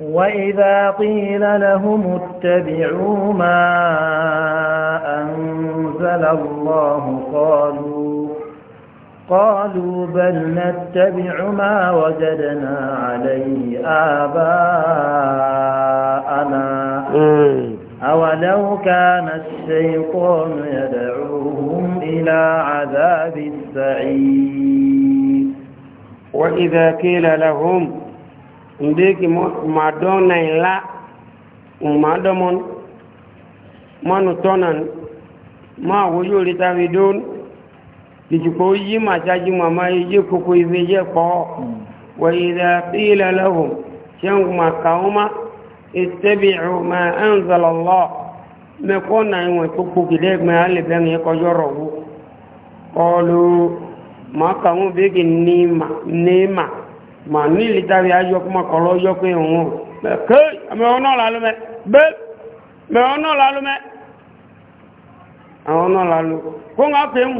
وإذا قيل لهم اتبعوا ما أنزل الله قالوا قالوا بل نتبع ما وجدنا عليه آباءنا أولو كان الشيطان يدعوهم إلى عذاب السعير وإذا قيل لهم ndeki ma dona la ma domon manu tonan ma woyo lita vidun kijiko yi ma chaji ma ma yi koko iveje ko wa idha qila lahum shangu makauma اتبعوا ما أنزل الله مكونا وتقوا كده ما اللي بين يقجره قالوا ما كانوا بيجي نيما نيما ما نيلي تابي أجوك ما كلو يوك يوم كي ما هنا لالو بل ما هنا لالو ما هنا لالو كون أفهم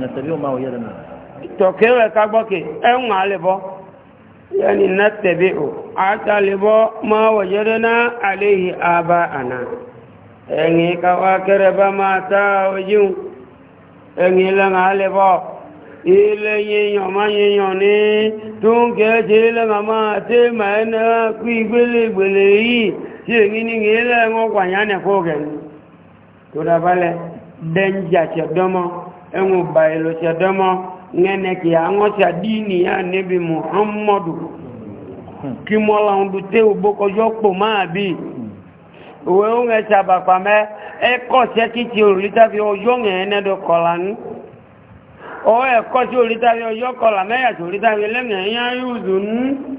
نتبعوا ما وجدنا tọ̀kẹ́wẹ̀ kagbọ́kẹ́ ẹ̀wọ̀n alẹ́bọ́ yẹni nẹ́tẹ̀bí o àtàlẹ́bọ́ máa wọ̀yẹ́rẹ́ náà àléhì àbá àná ẹ̀yìn káwà kẹrẹ bá máa tá ojú ẹ̀yìn lẹ́nà alẹ́bọ́ ilẹ̀ yíyan máa yíyan ní tó ń lẹ́nà máa tẹ́ màá náà kú ìgbélégbèlè yìí tí èyí ní ilẹ̀ nene ki ango dini ya nabi muhammadu ki mola ndute uboko yopo maabi we unge cha bapame e ko se ki ti olita bi oyo ngene do kolan o e ko ti olita bi oyo kolan me ya ti olita lenge ya yuzun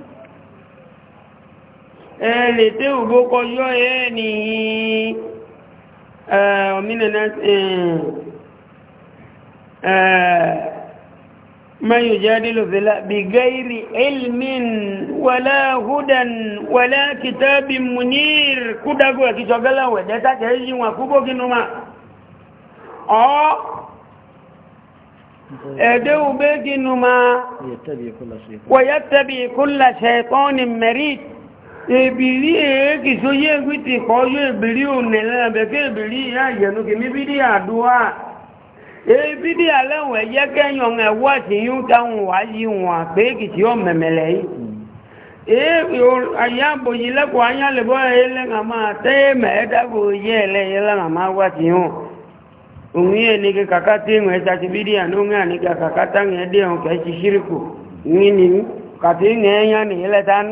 e le te uboko yo e eh o minena eh eh من يجادل في الله بغير علم ولا هدى ولا كتاب منير كدغوا كيتغلا ودتا تيجي وكوبو كنوما او ادو بكنوما ويتبع كل شيطان مريض ebili eki so ye gwiti ko ye ebili o nele ya yenu ke mi bi ebi di alẹ́ wọn ẹ̀yẹ́ kẹ́yàn ẹ̀wọ́ àti yíò táwọn wà yí wọn àpéèkì tí ó mẹ̀mẹ̀lẹ̀ yìí ayé àbòyí lẹ́kọ̀ọ́ ayálẹ̀bọ́ ẹlẹ́gà máa tẹ́ẹ̀mẹ̀ ẹ́dàgbò yẹ́ ẹlẹ́yẹ lẹ́gà máa wá ti hàn òun yẹ́ ní kí kàkà tí ìwọ̀n ẹ̀ta ti bí àná ń rìn kàkà táwọn ẹ̀dẹ́ ọ̀kẹ́ ti ṣíríkù ní ní kàtí ìwọ̀n ẹ̀yán nìyẹ́lẹ́ta ní.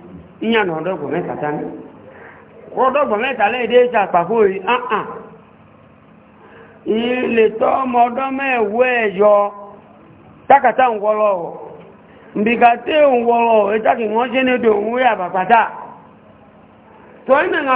ìyàn ọ̀dọ́gbọ̀ mẹ́ta tání ọ̀dọ́gbọ̀ mẹ́ta lẹ́ẹ̀dẹ́ ìṣàpàkó yìí áhàn ah, ah. ilẹ̀ tọ́ ọmọ mẹ́wọ́ ẹ̀yọ tákàtà ń wọ́lọ́ mbìkàtẹ́ ń wọ́lọ́ ìtàkì wọ́n ṣe ní èdè àbàpàtà na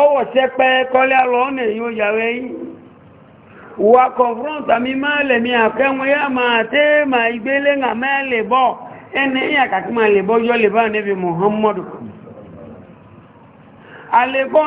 ọwọ̀ sẹ́pẹ́ kọ́lé alọ́ ọ̀nà èyí ó yàwé yìí wà kọ̀frọ́ǹtà mi máa lè mi àkẹ́wọ̀n yá máa tẹ́ ma ìgbélé nà máa bọ́ ẹni yà kàkí máa lè bọ́ yọ́ lè bá muhammadu àlèbọ́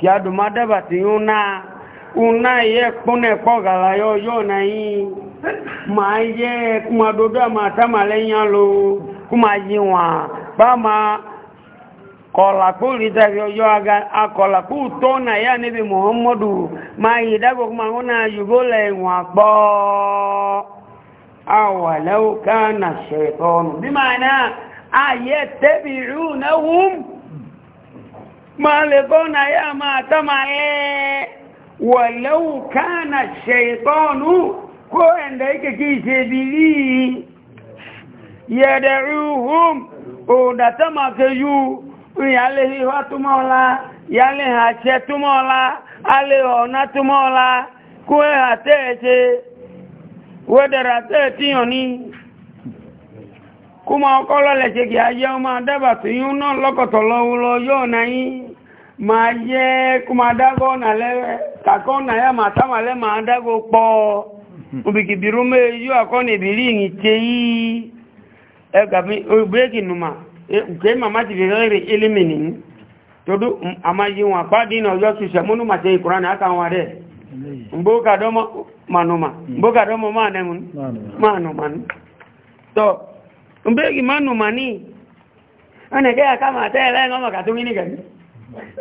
kìá dùnmá dẹ́bà yo ó náà una yẹ kpọ́nẹ̀ kọ́gàlá yọ na náà ma máa yẹ kuma dodo àmà támàlẹ́ yàn ló kuma yí wọn bá máa kọ̀làkú rítàrí ọjọ́ tó nà yá níbi muhammadu yi yìí dágbò kuma ma lè gọ́nà yá máa tọ́mà ẹ́ wọ̀lẹ́wù káànà ṣẹ̀tọ́nù kó ẹ̀ndà ikẹ̀kẹ́ ìṣẹ́bìlì yẹ̀dẹ̀rúhùn òdàtọ́mà kẹjú ìyálẹ̀ ihá túnmọ́lá yálẹ̀ àṣẹ túnmọ́lá alẹ́ ọ̀nà túnmọ́lá kó ẹ̀hà tẹ́ẹ̀ṣẹ́ wẹ́dẹ̀rà tẹ́ẹ̀tíyàn ní kó máa kọ́ lọ́lẹ̀ ṣe kìí ayé ọmọ máa yẹ́ kó máa dágọ́ ọ̀nà lẹ́rẹ́ kàkọ́ ọ̀nà yá máa tá máa lẹ́ máa dágọ́ pọ̀ òbìkìbìrú mẹ́ yóò àkọ́nà ìbìrí ìní tẹ́ yìí ẹgbàmí òbírẹ́kì nùmà kẹ́ màmá ti fẹ́rẹ́ rẹ̀ élémìnì tọdú àmáyé wọn àpáàdé iná ọjọ́ ti sẹ̀múnú màtẹ ìkùránì àtàwọn adẹ́ mbókàdọ́mọ́ mànùmà mbókàdọ́mọ́ máa nẹ́mu mànùmà tọ́ òbírẹ́kì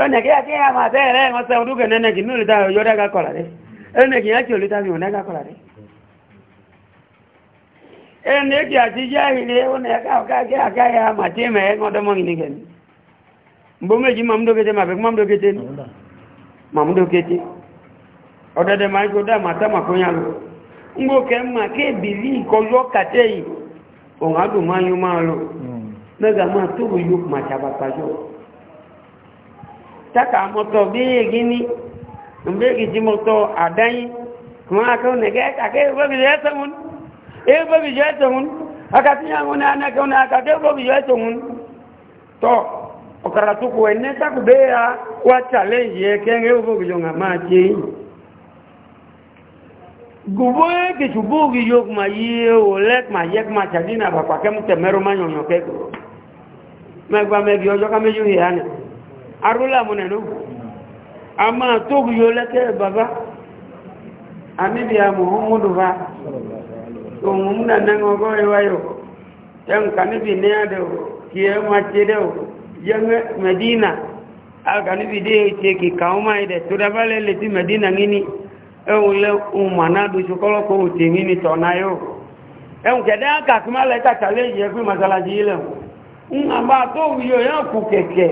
ẹnẹ̀kí àti àmà àtẹ́ẹ̀rẹ́ ẹ̀mọ́sẹ̀ ọdúnkẹ̀ nẹ́nẹ̀kì ní olùta ọjọ́ dẹ́gà kọ̀lá rẹ̀ ẹnẹ̀kì àti olùta mi ò nẹ́gà kọ̀lá rẹ̀ ẹnẹ̀kì àti jẹ́ ìlé ọ̀nà ẹ̀kẹ́ àkáyà àmà tí mẹ́ ẹ̀mọ́dọ́mọ́ ìnìkẹ̀ ni mbóméjì mamdókété màbẹ́ mamdókété ni mamdókété ọ̀dọ̀dẹ̀ máa ń gbọ́dọ̀ àmàtà màkúnyà lọ ngbókẹ́ mà kébìlì ìkọjọ́ kàtẹ́yì ọ̀hádùn máa yún máa lọ mẹ́gà máa tóbi yóò màtàbàpàjọ́ taka moto bi gini mbe gidi moto adai kuma ka ne ga ka ke ba bi ya tamun e ba bi tamun aka tinya ngona na ka na ka ke ba bi tamun to okara tu ko ne ta ku be ya wa challenge ye ke nge bo bi jonga ma ti gubo e ke chubu gi yok ma ye o lek ma yek ma chadina ba kwa ke mtemero ma nyonyo ke ko megba megi ojo ka meju yani arúlà mú nẹ̀lú a máa tó yíó lẹ́kẹ́ bàbá àmìbí àmùhúnmùdù bá òun múnà náà ọgọ́ ìwáyọ̀ ẹnkà níbi ní àdẹ̀ kí ẹ máa ṣe dẹ̀ yẹ mẹ́dínà aka níbi dé ṣe kìkà máa tó dábálẹ̀ lè ti mẹ́dínà níní ẹ̀hùn lẹ́ ẹ̀hùn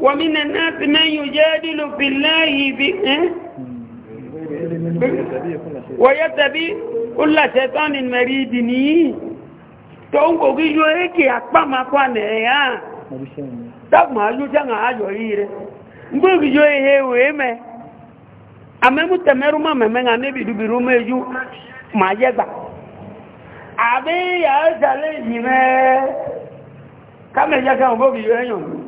ومن الناس من يجادل في الله ب... إيه؟ ويتبي كل شيطان مريد tóun kò kí yọ ékè àpámakọ́ nẹ̀yà dákùnmà ajújáà àjọ yìí rẹ̀ ngbó kí yọ ihe wèé mẹ́ àmẹ́mú tẹ̀mẹ́rú mẹ́mẹ́ nga níbi méjú gbà àbí mẹ́ kí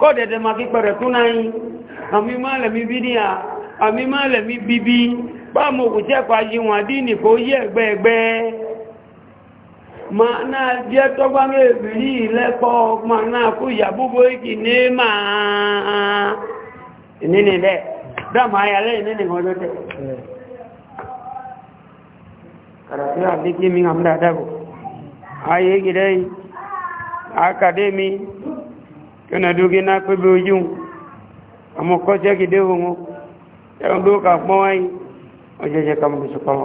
kọ́ dẹ̀dẹ̀ ma kí pẹ̀rẹ̀ tún náà yìí àmì máa lẹ̀mí bídíà àmì máa lẹ̀mí bíbí báàmù òkú tẹ́kọ̀ ayé wọn àdí nìkó yí ẹ̀gbẹ́ ẹ̀gbẹ́ ma náà jẹ́ tọ́gbá mẹ́bìrí lẹ́kọ́ ma náà kú ìyà búbo ìkì ní máa ìnínì dẹ́ dáàmù ayalẹ́ ìnínì kan tó tẹ̀ kàràtí kena dugi na kwe bujung amo kocha kidogo ngo ndio kapoi ojeje kama kusukama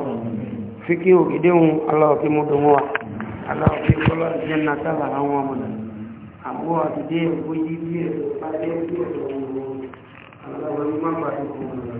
fikio kidogo Allah kimudumua Allah kikola janna kala hawa mwana ambao atidie kujibie pale pia Allah wa mama